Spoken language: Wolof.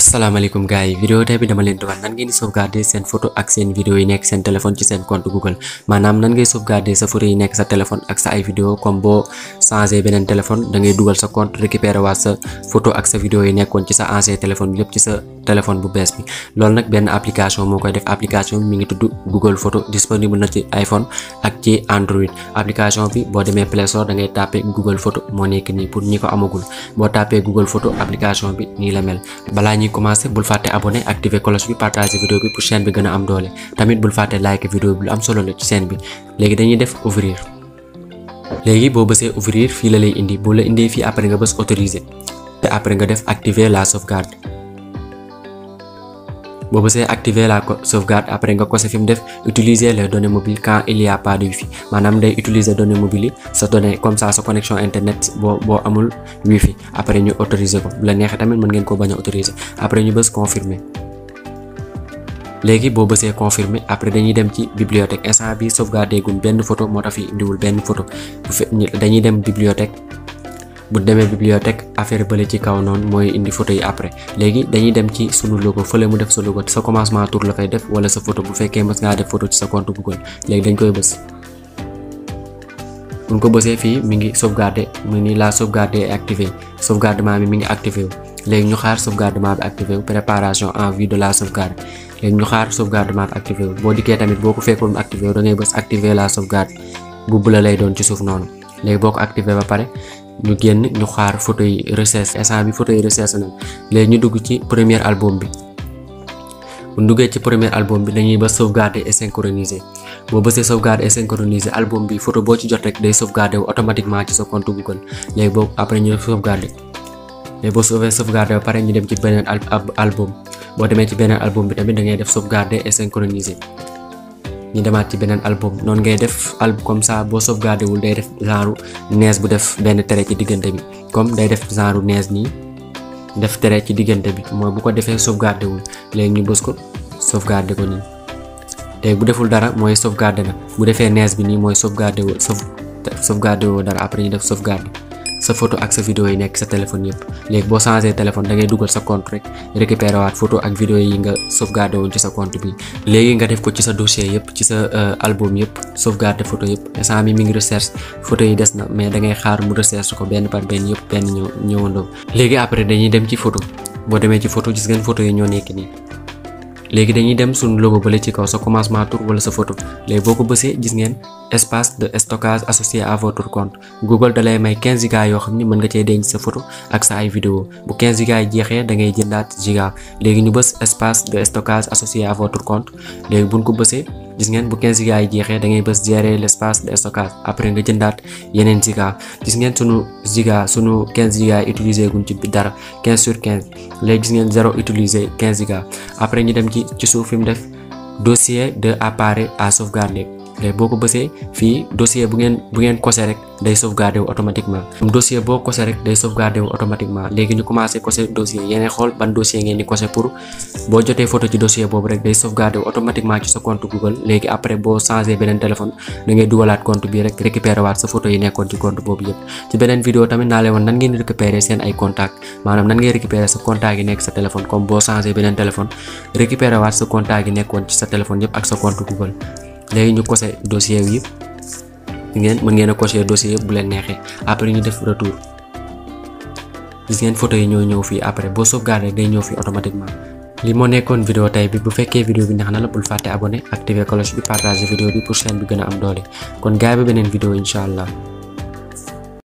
asalaamaaleykum gars yi vidéo tey bi dama leen di wax nan ngeen di sauvegarder seen photo ak seen vidéo yi nekk seen téléphone ci seen compte Google maanaam nan ngay sauvegarder sa photo yi nekk sa téléphone ak sa ay comme boo changé beneen téléphone da dugal sa compte récupérer waat sa photo ak sa vidéo yi nekkoon ci sa ancien téléphone bi yépp ci sa téléphone bu bees bi loolu nag benn application moo koy def application mi ngi tudd Google Photo disponible na ci iPhone ak ci Android application bi boo demee Play Store da ngay tapé Google Photo moo nekk nii pour ñi ko amagul boo tapé Google Photo application bi nii la mel di commencé bul fàtte abonné activer cloche bi partager vidéo bi pour chaîne bi gën a am doole tamit bul fàtte like vidéo bi lu am solo la ci chaîne bi léegi dañuy def ouvrir léegi boo bësee ouvrir fii la lay indi boo la indee fii après nga bës autoriser te après nga def activer la sauvegarde boo bësee activer la sauvegarde après nga kose fi mu def utiliser les données mobiles quand il y a pas de wifi maanaam day utiliser données mobiles yi sa données comme ça sa connexion internet boo boo amul wifi après ñu autoriser ko bu la neexee tamit mën ngeen ko bañ a autoriser après ñu bës confirmer léegi boo bësee confirmer après dañuy dem ci bibliothèque instant bi sauvegarde gun benn photo moo tax indiwul benn photo dañuy dem bibliothèque bu demee bibliothèque affaire bële ci kaw noonu mooy indi photo yi après léegi dañuy dem ci sunu logo fële mu def sa logo sa commencement tour la koy def wala sa photo bu fekkee mës ngaa def photo ci sa compte Google léegi dañ koy bës buñ ko bësee fii mi ngi sauvegarder mu ni la sauvegarde est activée sauvegardement bi mi ngi activé wu léegi ñu xaar sauvegardement bi activé wu préparation en vue de la sauvegarde léegi ñu xaar sauvegardement bi activé wu boo dikkee tamit boo ko fekkoon activé wu da ngay bës activer la sauvegarde bu bula lay doon ci suuf noonu léegi boo ko activé ba pare ñu génn ñu xaar photo yi recherche instant bi photo yi recherche nañ léegi ñu dugg ci première album bi bu duggee ci premier album bi dañuy ba sauvegarder et synchroniser boo bësee sauvegarder et synchroniser album bi photo boo ci jot rek day sauvegarder wu automatiquement ci sa compte Google léegi boobu après ñu def sauvegarder léegi boo sauvegarder sauvegarder ba ñu dem ci beneen album boo demee ci beneen album bi tamit da ngay def sauvegarder et synchroniser. ñu demaat ci beneen album noonu ngay def album comme ça boo sauvegardé wul day def genre nees bu def benn tere ci diggante bi comme day def genre nees nii def tere ci diggante bi mooy bu ko defee sauvegardé wul léegi ñu bës ko sauvegardé ko nii léegi bu deful dara mooy sauvegardé na bu defee nees bi nii mooy sauvegardé wul sauve sauvegardé woo dara après ñu def sauvegarde sa photo ak sa vidéo yi nekk sa téléphone yëpp léegi boo changé téléphone dangay dugal sa compte rek récupérer waat photo ak vidéo yi nga sauvegarder woon ci sa compte bi léegi nga def ko ci sa dossier yëpp ci sa euh, album yëpp sauvegarder photo yëpp instant mi mi ngi recherche photo yi des na mais da ngay xaar mu recherche ko benn par benn yëpp benn ñëw ñëwandoo léegi après dañuy dem ci photo boo demee ci photo gis ngeen photo yi ñoo nekk nii léegi dañuy dem suñu logo bële ci kaw sa commencement tour wala sa photo léegi boo ko bësee gis ngeen espace de stockage associé à votre compte Google da lay may 15 giga yoo xam ni mën nga cee denc sa photo ak sa ay vidéo bu 15 giga yi jeexee da ngay jëndaat giga léegi ñu bës espace de stockage associé à votre compte léegi buñ ko bësee gis ngeen bu 15 giga yi jeexee dangay ngay bës gérer l'espace de après nga jëndaat yeneen giga gis ngeen sunu giga sunu 15 giga yi utilisé guñ ci dara 15 sur 15 léegi gis ngeen zéro utilisé 15 giga après ñu dem ci ci suuf fi mu def dossier de appareil à sauvegarder léegi boo ko bësee fii dossier bu ngeen bu ngeen kose rek day sauvegarder wu automatiquement boo kose rek day sauvegarder wu automatiquement léegi ñu commencé kose dossier yeneen xool ban dossier ngeen di kose pour boo jotee photo ci dossier boobu rek day sauvegarder wu automatiquement ci sa compte Google léegi après boo changé beneen téléphone da ngay dugalaat compte rek récupérer sa photo yi nekkoon ci compte boobu yëpp ci beneen vidéo tamit naa leen woon nan ngeen di récupérer seen ay contact maanaam nan ngay récupérer sa contact yi nekk sa téléphone comme boo changé beneen téléphone récupérer waat sa léegi ñu coché dossier yëpp ngeen mën ngeen a coché dossier yëpp bu leen neexee après ñu def retour gis ngeen yi ñoo ñëw fii après boo sauvegardé day ñëw fii automatiquement li moo nekkoon vidéo tey bi bu fekkee vidéo bi neex na la bul fàtte abonné activer cloche bi partager vidéo bi pour chaîne bi gën a am doole kon gaay ba beneen vidéo incha allah